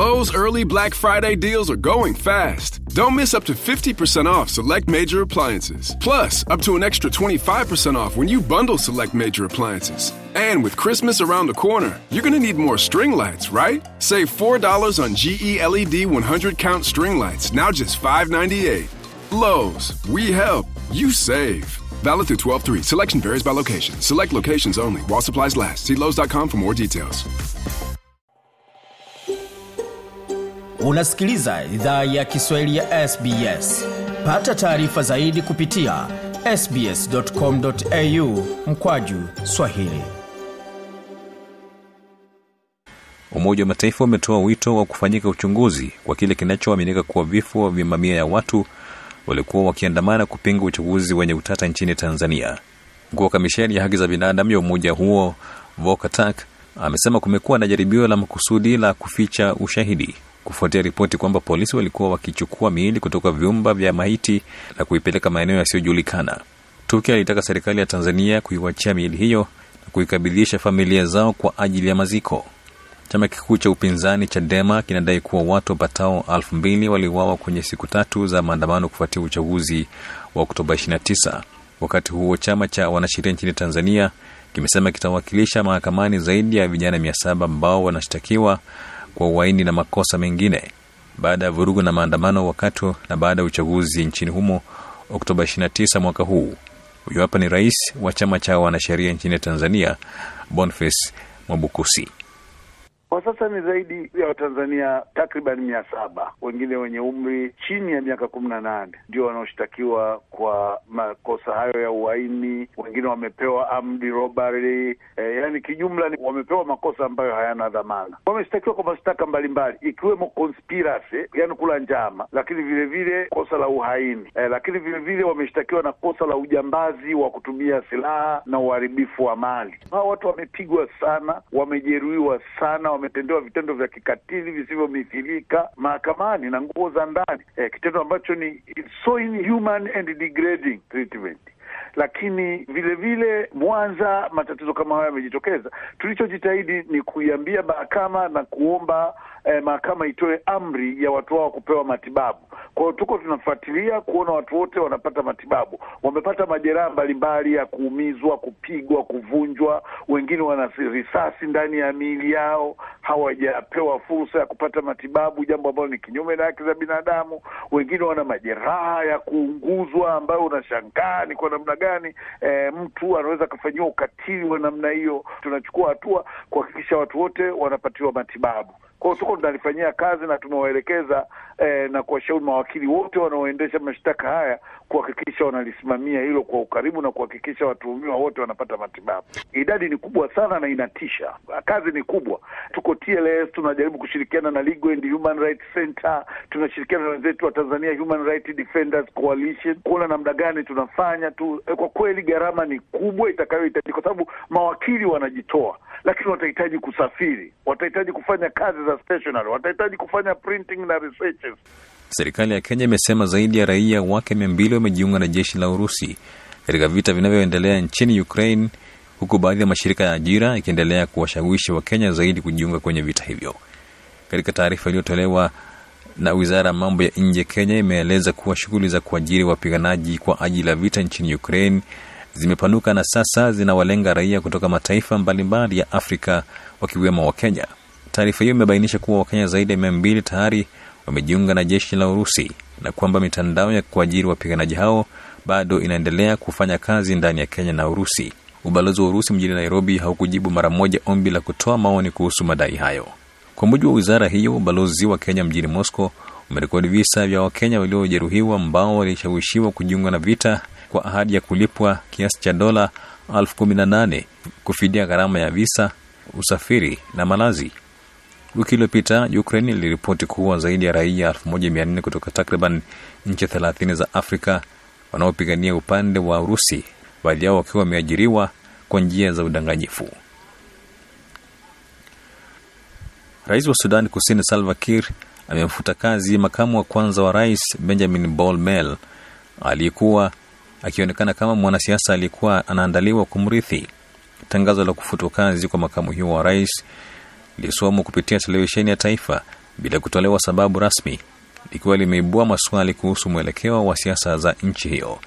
Lowe's early Black Friday deals are going fast. Don't miss up to 50% off select major appliances. Plus, up to an extra 25% off when you bundle select major appliances. And with Christmas around the corner, you're going to need more string lights, right? Save $4 on GE LED 100 count string lights, now just $5.98. Lowe's, we help, you save. Valid through 12 3. Selection varies by location. Select locations only, while supplies last. See Lowe's.com for more details. unasikiliza idhaa ya kiswahili ya sbs pata taarifa zaidi kupitia sbscomau mkwaju swahili umoja wa mataifa umetoa wito wa kufanyika uchunguzi kwa kile kinachoaminika kuwa vifo vya mamia ya watu waliokuwa wakiandamana kupinga uchaguzi wenye utata nchini tanzania mkuu wa kamisheni ya haki za binadamu ya umoja huo vokatak amesema kumekuwa na jaribio la makusudi la kuficha ushahidi kufuatia ripoti kwamba polisi walikuwa wakichukua miili kutoka vyumba vya maiti na kuipeleka maeneo yasiyojulikana. Tuki alitaka serikali ya Tanzania kuiwachia miili hiyo na kuikabidhisha familia zao kwa ajili ya maziko. Chama kikuu cha upinzani Chadema kinadai kuwa watu wapatao elfu mbili waliuawa kwenye siku tatu za maandamano kufuatia uchaguzi wa Oktoba 29. Wakati huo chama cha wanasheria nchini Tanzania kimesema kitawakilisha mahakamani zaidi ya vijana mia saba ambao wanashtakiwa kwa uaini na makosa mengine baada ya vurugu na maandamano wakati na baada ya uchaguzi nchini humo Oktoba 29 mwaka huu. Huyu hapa ni rais wa chama cha wanasheria nchini Tanzania, Boniface Mwabukusi. Kwa sasa ni zaidi ya Watanzania takriban mia saba, wengine wenye umri chini ya miaka kumi na nane ndio wanaoshtakiwa kwa makosa hayo ya uhaini. Wengine wamepewa amdi robari, e, yani kijumla wamepewa makosa ambayo hayana dhamana. Wameshtakiwa kwa mashtaka mbalimbali ikiwemo conspiracy, yani kula njama, lakini vilevile kosa la uhaini e, lakini vilevile wameshtakiwa na kosa la ujambazi wa kutumia silaha na uharibifu wa mali. Hawa watu wamepigwa sana, wamejeruhiwa sana wametendewa vitendo vya kikatili visivyomithilika mahakamani na nguo za ndani, eh, kitendo ambacho ni so inhuman and degrading treatment lakini vilevile vile, Mwanza matatizo kama hayo yamejitokeza. Tulichojitahidi ni kuiambia mahakama na kuomba eh, mahakama itoe amri ya watu hao kupewa matibabu. Kwa hiyo tuko tunafuatilia kuona watu wote wanapata matibabu. Wamepata majeraha mbalimbali ya kuumizwa, kupigwa, kuvunjwa, wengine wana risasi ndani ya miili yao, hawajapewa fursa ya kupata matibabu, jambo ambalo ni kinyume na haki za binadamu. Wengine wana majeraha ya kuunguzwa ambayo unashangaa ni kwa namna gani e, mtu anaweza akafanyiwa ukatili wa namna hiyo. Tunachukua hatua kuhakikisha watu wote wanapatiwa matibabu. Kwao tuko tunalifanyia kazi na tumewaelekeza eh, na kuwashauri mawakili wote wanaoendesha mashtaka haya kuhakikisha wanalisimamia hilo kwa ukaribu na kuhakikisha watuhumiwa wote wanapata matibabu. Idadi ni kubwa sana na inatisha, kazi ni kubwa. Tuko TLS, tunajaribu kushirikiana na Legal and Human Rights Center, tunashirikiana na wenzetu wa Tanzania Human Rights Defenders Coalition kuona namna gani tunafanya tu. Eh, kwa kweli gharama ni kubwa itakayohitajika, kwa sababu mawakili wanajitoa lakini watahitaji kusafiri, watahitaji kufanya kazi za stationary, watahitaji kufanya printing na researches. Serikali ya Kenya imesema zaidi ya raia wake mia mbili wamejiunga na jeshi la Urusi katika vita vinavyoendelea nchini Ukraine, huku baadhi ya mashirika ya ajira ikiendelea kuwashawishi Wakenya zaidi kujiunga kwenye vita hivyo. Katika taarifa iliyotolewa na wizara ya mambo ya nje Kenya imeeleza kuwa shughuli za kuajiri wapiganaji kwa ajili ya vita nchini Ukraine zimepanuka na sasa zinawalenga raia kutoka mataifa mbalimbali ya Afrika wakiwemo Wakenya. Taarifa hiyo imebainisha kuwa Wakenya zaidi ya mia mbili tayari wamejiunga na jeshi la Urusi na kwamba mitandao ya kuajiri wapiganaji hao bado inaendelea kufanya kazi ndani ya Kenya na Urusi. Ubalozi wa Urusi mjini Nairobi haukujibu mara moja ombi la kutoa maoni kuhusu madai hayo. Kwa mujibu wa wizara hiyo, ubalozi wa Kenya mjini Moscow umerekodi visa vya Wakenya waliojeruhiwa ambao walishawishiwa kujiunga na vita kwa ahadi ya kulipwa kiasi cha dola 18 kufidia gharama ya visa usafiri na malazi wiki iliyopita ukraine iliripoti kuwa zaidi ya raia 1400 kutoka takriban nchi 30 za afrika wanaopigania upande wa urusi baadhi yao wakiwa wameajiriwa kwa njia za udanganyifu rais wa sudan kusini salva Kiir amemfuta kazi makamu wa kwanza wa rais benjamin bolmel aliyekuwa akionekana kama mwanasiasa alikuwa anaandaliwa kumrithi. Tangazo la kufutwa kazi kwa makamu huo wa rais lilisomwa kupitia televisheni ya taifa bila kutolewa sababu rasmi, likiwa limeibua maswali kuhusu mwelekeo wa siasa za nchi hiyo.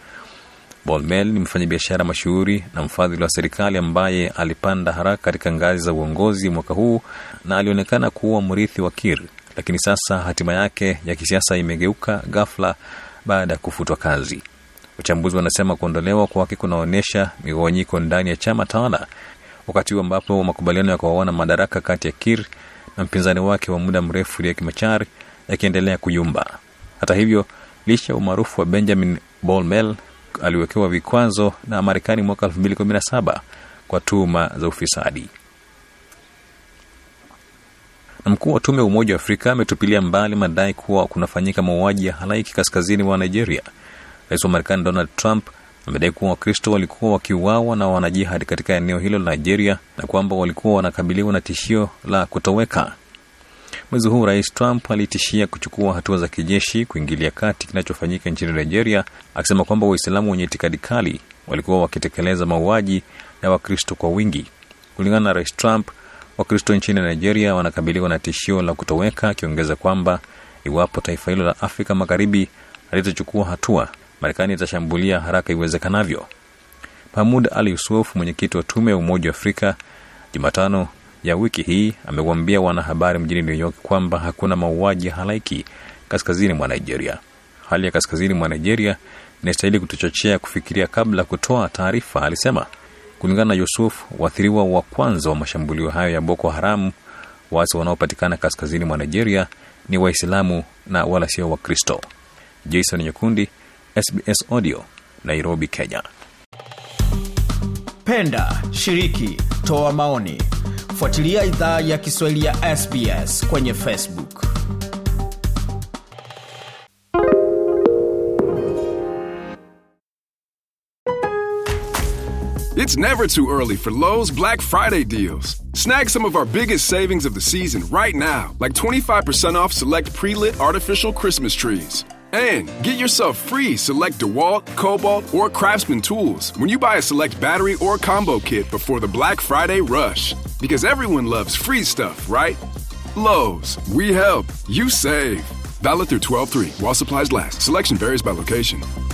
Bolmel ni mfanyabiashara mashuhuri na mfadhili wa serikali ambaye alipanda haraka katika ngazi za uongozi mwaka huu na alionekana kuwa mrithi wa Kir, lakini sasa hatima yake ya kisiasa imegeuka ghafla baada ya kufutwa kazi. Wachambuzi wanasema kuondolewa kwake kunaonyesha migawanyiko ndani ya chama tawala, wakati huu ambapo makubaliano ya kugawana madaraka kati ya Kir na mpinzani wake wa muda mrefu Riek Machar yakiendelea kuyumba. Hata hivyo, licha ya umaarufu wa Benjamin Bolmel aliwekewa vikwazo na Marekani mwaka 2017 kwa tuhuma za ufisadi. Na mkuu wa tume ya Umoja wa Afrika ametupilia mbali madai kuwa kunafanyika mauaji ya halaiki kaskazini mwa Nigeria Rais wa Marekani Donald Trump amedai kuwa Wakristo walikuwa wakiuawa na wanajihadi katika eneo hilo la Nigeria na kwamba walikuwa wanakabiliwa na tishio la kutoweka. Mwezi huu Rais Trump alitishia kuchukua hatua za kijeshi kuingilia kati kinachofanyika nchini Nigeria, akisema kwamba Waislamu wenye itikadi kali walikuwa wakitekeleza mauaji ya Wakristo kwa wingi. Kulingana na Rais Trump, Wakristo nchini Nigeria wanakabiliwa na tishio la kutoweka, akiongeza kwamba iwapo taifa hilo la Afrika Magharibi halitochukua hatua Marekani itashambulia haraka iwezekanavyo. Mahmud Ali Yusuf, mwenyekiti wa tume ya Umoja wa Afrika, Jumatano ya wiki hii amewaambia wanahabari mjini New York kwamba hakuna mauaji halaiki kaskazini mwa Nigeria. Hali ya kaskazini mwa Nigeria inastahili kutuchochea kufikiria kabla kutoa taarifa, alisema. Kulingana na Yusuf, waathiriwa wa kwanza wa mashambulio hayo ya Boko Haramu, waasi wanaopatikana kaskazini mwa Nigeria, ni Waislamu na wala sio Wakristo. Jason Nyekundi, SBS Audio, Nairobi, Kenya. Penda, shiriki, toa maoni. Fuatilia idhaa ya Kiswahili ya SBS kwenye Facebook. It's never too early for Lowe's Black Friday deals. Snag some of our biggest savings of the season right now, like 25% off select pre lit artificial Christmas trees. And get yourself free select DeWalt, Cobalt, or Craftsman tools when you buy a select battery or combo kit before the Black Friday rush. Because everyone loves free stuff, right? Lowe's, we help, you save. Valid through 12 3 while supplies last. Selection varies by location.